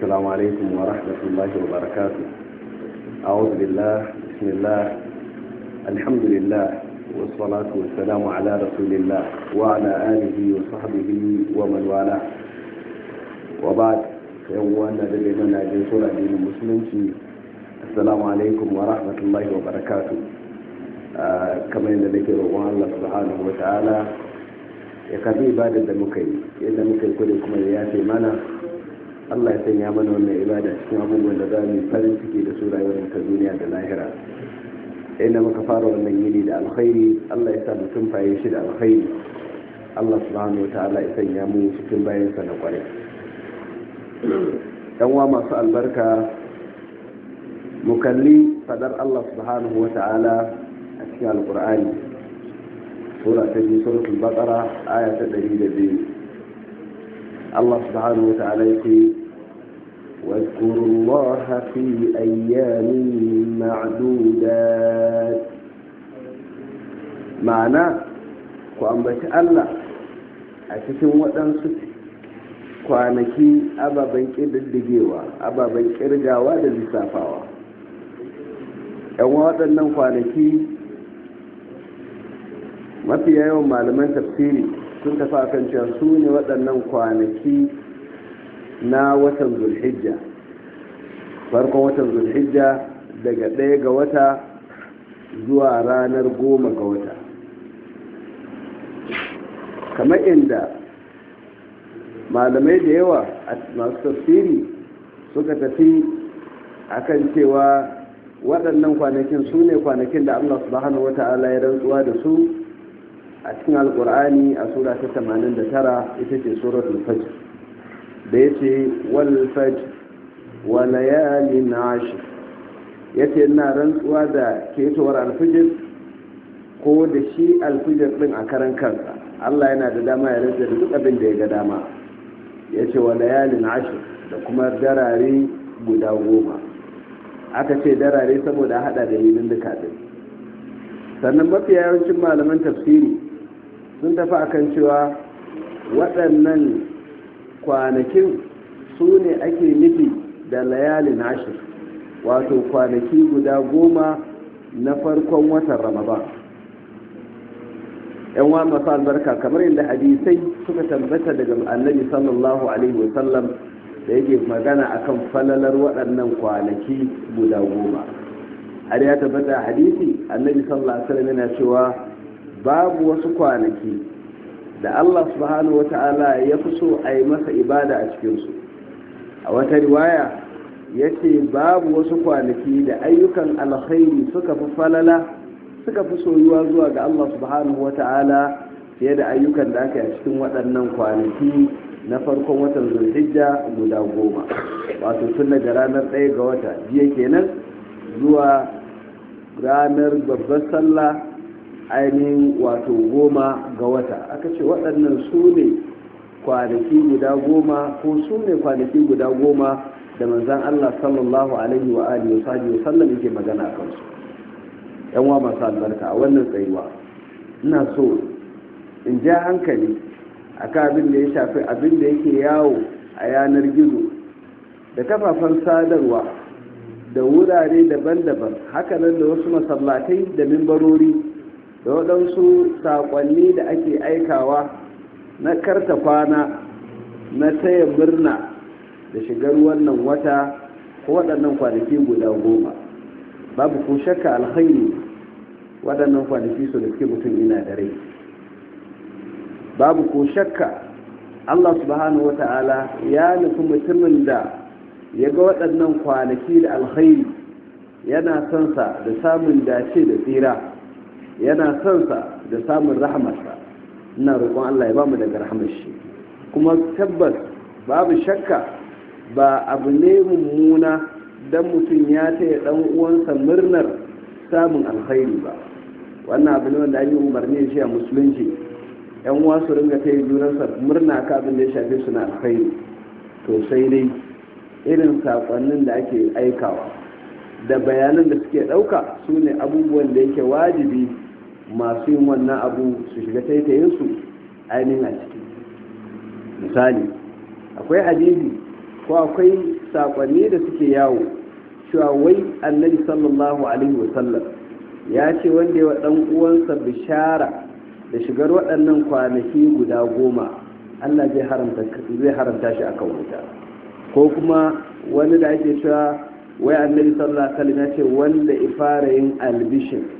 السلام عليكم ورحمة الله وبركاته أعوذ بالله بسم الله الحمد لله والصلاة والسلام على رسول الله وعلى آله وصحبه ومن والاه وبعد فيوانا دبنا جنسورة دين المسلمين السلام عليكم ورحمة الله وبركاته آه، كما كما يندلك الله سبحانه وتعالى يكفي بعد الدمكين إذا muka كل yadda muka yi Allah ya sanya mana wannan ibada cikin abubuwan da za mu farin ciki da su rayuwar ta duniya da lahira inda muka fara wannan yini da alkhairi Allah ya sa mutum faye shi da alkhairi Allah subhanahu wataala ya sanya mu cikin bayansa na kwarai dan wa masu albarka mu kalli fadar Allah subhanahu wataala a cikin alqur'ani sura ta biyu suratul baqara aya ta 102 الله سبحانه وتعالى يقول واذكروا الله في أيام معدودات معنى كأنبت الله أتكن وأنصت kwanaki ababen ƙididdigewa ababen ƙirgawa da lissafawa yan waɗannan kwanaki mafi yawan malaman tafsiri sun tafi akan cewa su ne waɗannan kwanaki na watan zulhijja farkon watan zulhijja daga ɗaya ga wata zuwa ranar goma ga wata kamar inda malamai da yawa masu tafsiri suka tafi akan cewa waɗannan kwanakin su ne kwanakin da allah subhanahu wata ta'ala ya rantsuwa da su a cikin alƙur'ani a sura ta 89 ita ce suratul fajr da ya ce walfaj walayalin ashir ya ce ina rantsuwa da ketowar alfijir ko da shi alfijir din a karan kansa allah yana da dama ya rantsa da duk abin da ya ga dama ya ce walayalin ashir da kuma darare guda goma aka ce darare saboda hada da yinin duka din sannan mafi yawancin malaman tafsiri sun tafi akan cewa waɗannan kwanakin su ne ake nufi da layalin ashir wato kwanaki guda goma na farkon watan ramadan yan wa masu albarka kamar yadda hadisai suka tambata daga annabi sallallahu alaihi wasallam da yake magana a kan falalar waɗannan kwanaki guda goma har ya tabbata hadisi annabi sallallahu alaihi wasallam yana cewa babu wasu kwanaki da Allah subhanahu wa ta'ala ya fi so a yi masa ibada a cikinsu a wata riwaya ya ce babu wasu kwanaki da ayyukan alkhairi suka fi falala suka fi soyuwa zuwa ga Allah subhanahu wa ta'ala fiye da ayyukan da aka yi a cikin waɗannan kwanaki na farkon watan zulhijja guda goma wato tun daga ranar ɗaya ga wata jiya kenan zuwa ranar babbar sallah ainihin wato goma ga wata aka ce waɗannan su ne kwanaki guda goma ko su ne kwanaki guda goma da manzan Allah sallallahu alaihi wa alihi wa sallam yake magana a kansu yan wa masu albarka a wannan tsayuwa ina so in ja hankali a kan abin da ya shafi abin da yake yawo a yanar gizo da kafafen sadarwa da wurare daban-daban hakanan da wasu masallatai da mimbarori da waɗansu saƙonni da ake aikawa na karta kwana na taya murna da shigar wannan wata ko waɗannan kwanaki guda goma babu ko shakka alhaini waɗannan kwanaki su da suke mutum ina da rai babu ko shakka allah subhanahu wa ta'ala ya nufi mutumin da ya ga waɗannan kwanaki da alhaini yana sonsa da samun dace da tsira yana son sa da samun rahamarsa ina roƙon Allah ya bamu daga rahamar shi kuma tabbas babu shakka ba abu ne mummuna dan mutum ya taya dan uwansa murnar samun alkhairi ba wannan abu ne wanda an yi umarni shi a musulunci yan uwa su ringa ta yi junansa murna ka abin da ya shafe su na alkhairi to sai dai irin sakonnin da ake aikawa da bayanan da suke ɗauka sune abubuwan da yake wajibi masu yin wannan abu su shiga taitayinsu ainihin a ciki misali akwai hadisi ko akwai saƙonni da suke yawo cewa wai annabi sallallahu alaihi wasallam ya ce wanda ya dan uwansa bishara da shigar waɗannan kwanaki guda goma allah zai haramta shi a kan wuta ko kuma wani da ake cewa wai annabi sallallahu alaihi wasallam ya ce wanda ifara yin albishin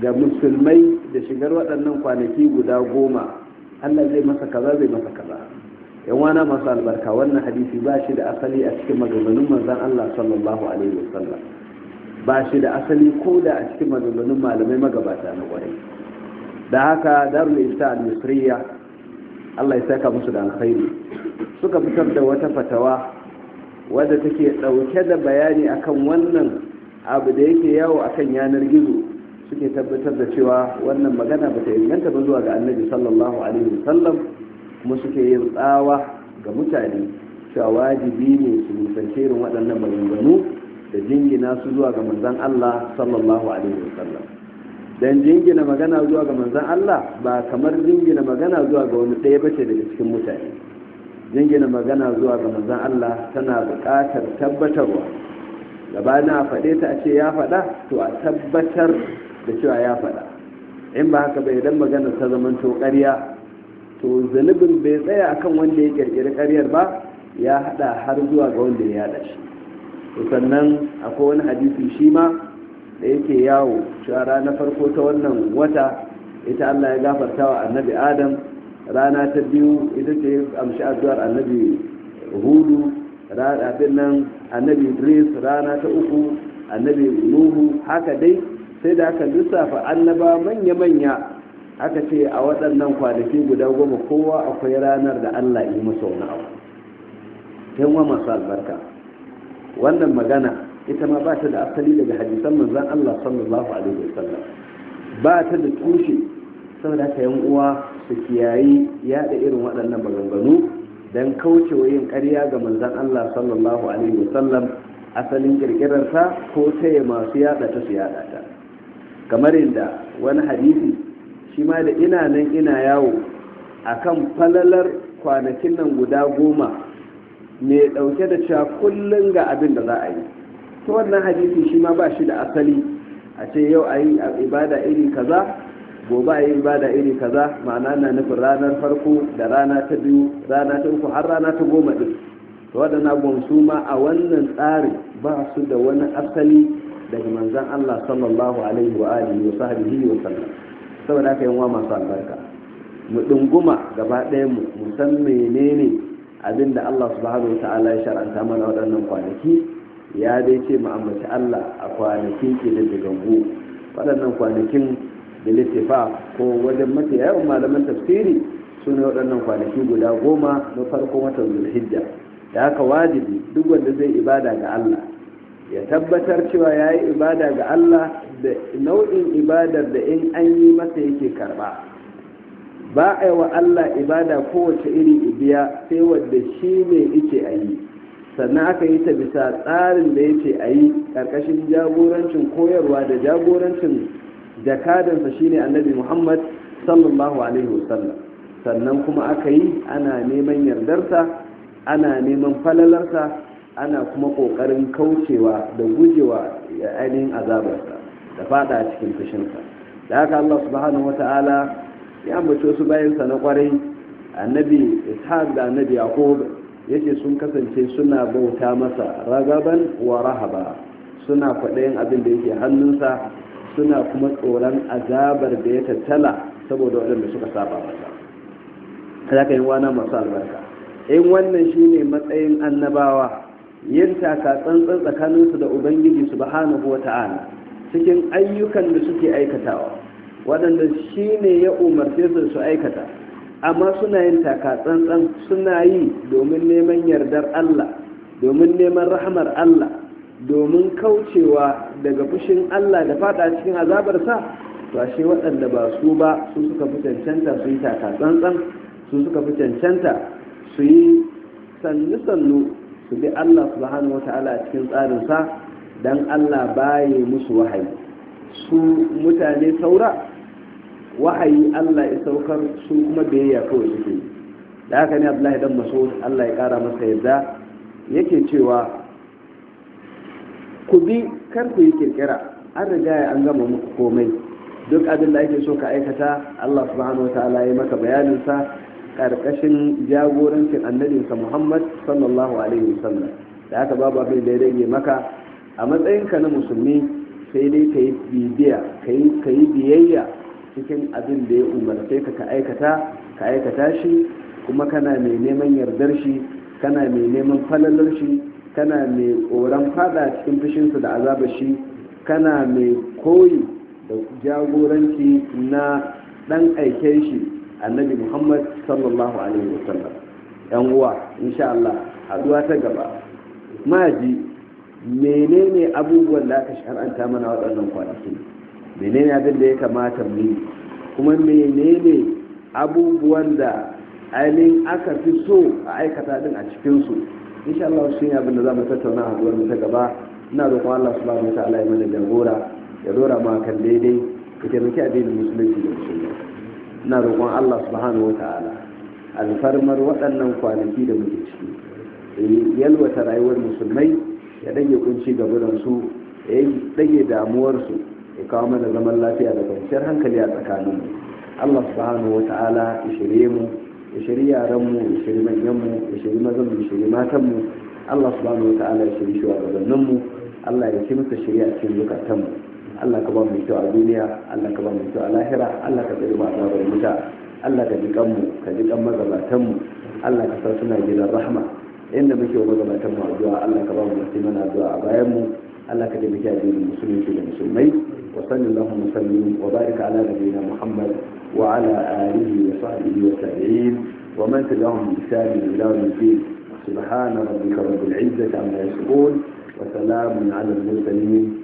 ga musulmai da shigar waɗannan kwanaki guda goma allah zai masa kaza zai masa kaza yan wana masu albarka wannan hadisi ba shi da asali a cikin maganganun manzan allah sallallahu alaihi wasallam ba shi da asali ko da a cikin maganganun malamai magabata na kwarai da haka darul isa al-misriya allah ya saka musu da alkhairi suka fitar da wata fatawa wadda take dauke da bayani akan wannan abu da yake yawo akan yanar gizo suke tabbatar da cewa wannan magana ba ta inganta ba zuwa ga annabi sallallahu alaihi wasallam kuma suke yin tsawa ga mutane cewa wajibi ne su nisanci irin waɗannan maganganu da jingina su zuwa ga manzan Allah sallallahu alaihi wasallam dan jingina magana zuwa ga manzan Allah ba kamar jingina magana zuwa ga wani ɗaya bace daga cikin mutane jingina magana zuwa ga manzan Allah tana buƙatar tabbatarwa gabana a faɗe ta a ce ya faɗa to a tabbatar da cewa ya faɗa in ba haka bai dan magana ta zamanto ƙarya to zunubin bai tsaya akan wanda ya ƙirƙiri ƙaryar ba ya haɗa har zuwa ga wanda ya yaɗa shi to sannan akwai wani hadisi shi ma da yake yawo cewa rana farko ta wannan wata ita Allah ya gafarta wa annabi adam rana ta biyu ita ce amshi addu'ar annabi hudu rana nan annabi idris rana ta uku annabi nuhu haka dai sai da aka lissafa annaba manya-manya aka ce a waɗannan kwanaki guda goma kowa akwai ranar da allah yi masa wani abu yan wa masu albarka wannan magana ita ma ba ta da asali daga hadisan manzan allah sallallahu alaihi wasallam ba ta da tushe saboda haka yan uwa su kiyayi yaɗa irin waɗannan maganganu don kaucewa yin ƙarya ga manzan allah sallallahu alaihi wasallam asalin kirkirarsa ko taya masu yada ta su yada ta kamar yadda wani hadisi shi ma da ina nan ina yawo a kan falalar kwanakin nan guda goma mai ɗauke da cewa kullum ga abin da za a yi ta wannan hadisi shi ma ba shi da asali a ce yau a yi ibada iri kaza gobe a yi ibada iri kaza ma'ana na nufin ranar farko da rana ta biyu rana ta uku har rana ta goma ɗin waɗanda gomsu ma a wannan tsarin ba su da wani asali daga manzan Allah sallallahu alaihi wa alihi wa sahabihi wa sallam saboda wa masu albarka mu dunguma gaba ɗaya mu mu san menene abin da Allah subhanahu wa ta'ala ya shar'anta mana waɗannan kwanaki ya dai ce mu ambaci Allah a kwanakin kididdigaggu waɗannan kwanakin da littafa ko wajen mafi yawan malaman tafsiri su ne waɗannan kwanaki guda goma na farkon watan zulhijja da haka wajibi duk wanda zai ibada ga Allah ya tabbatar cewa ya yi ibada ga Allah da nau'in ibadar da in an yi masa yake karba ba a yi wa Allah ibada kowace iri biya, sai wadda shi ne yake a yi sannan aka yi ta bisa tsarin da yake a yi ƙarƙashin jagorancin koyarwa da jagorancin jakadansa shine annabi muhammad sallallahu alaihi wasallam sannan kuma aka yi ana neman yardarsa ana neman falalarsa ana kuma kokarin kaucewa da gujewa ya ainihin azabarsa da fada cikin fushinsa da haka Allah subhanahu wata'ala ya ambace su bayansa na kwarai annabi ishaq da annabi yaqub yace sun kasance suna bauta masa ragaban wa rahaba suna kwaɗayin abin da yake hannunsa suna kuma tsoron azabar da ya tattala saboda waɗanda suka saba masa kada ka yi wana masu albarka in wannan shine matsayin annabawa yin taka tsantsan tsakaninsu da ubangiji subhanahu wa cikin ayyukan da suke aikatawa waɗanda shi ne ya umarce su su aikata amma suna yin taka tsantsan suna yi domin neman yardar Allah domin neman rahamar Allah domin kaucewa daga fushin Allah da fada cikin azabarsa to ashe waɗanda ba su ba su suka fi cancanta su yi taka tsantsan su suka fi cancanta su yi sannu-sannu su bi Allah subhanahu ta'ala a cikin tsarinsa don Allah baye musu wahayi su mutane saura wahayi Allah ya saukar su kuma biyayya kawai suke da haka ne Abdullahi dan Mas'ud Allah ya kara masa yadda yake cewa ku bi kar ku yi kirkira an riga ya an gama muku komai duk abin da ake so ka aikata Allah subhanahu ta'ala ya maka bayanin sa ƙarƙashin jagorancin annabinsa muhammad sallallahu alaihi wasallam da aka babu abin da ya rage maka a matsayinka na musulmi sai dai ka yi bibiya ka yi biyayya cikin abin da ya umarce ka ka aikata ka aikata shi kuma kana mai neman yardar shi kana mai neman falalar shi kana mai tsoron fada cikin fushinsa da azabar shi kana mai koyi da jagoranci na ɗan aike shi annabi muhammad sallallahu alaihi wasallam yan uwa insha Allah haduwa ta gaba maji menene abubuwan da aka shar'anta mana waɗannan kwanaki menene abin da ya kamata mu yi kuma menene abubuwan da ainihin aka fi so a aikata din a su insha Allah shi ne abin da za mu tattauna haduwar mu ta gaba ina roƙon Allah subhanahu wa ta'ala ya mana jagora ya dora ma daidai ya muke addinin musulunci da musulunci na roƙon Allah subhanahu wata'ala alfarmar waɗannan kwanaki da muke ciki ya yalwata rayuwar musulmai ya dage kunci ga gaburansu ya ɗage damuwarsu ya kawo mana zaman lafiya da kwanciyar hankali a tsakanin Allah subhanahu wata'ala ya shirye mu ya shiri yaranmu ya shiri manyanmu ya shiri mazanmu ya shiri matanmu Allah subhanahu wata'ala ya shiri mu Allah ya ci muka shirya cikin mu Allah ka ba mu kyau a duniya Allah ka ba mu kyau a lahira Allah ka tsare a azabar wuta Allah ka ji mu, ka ji kan mu. Allah ka sa suna gidan rahma inda muke wa magabatanmu addu'a Allah ka ba mu musulman addu'a a bayan mu Allah ka taimaki addinin musulunci da musulmai wa sallallahu musallim wa barika ala nabiyina Muhammad wa ala alihi wa sahbihi wa tabi'in wa man tabi'ahum bi ihsan ila yawm الدين سبحان ربك رب العزة عما يصفون وسلام على المرسلين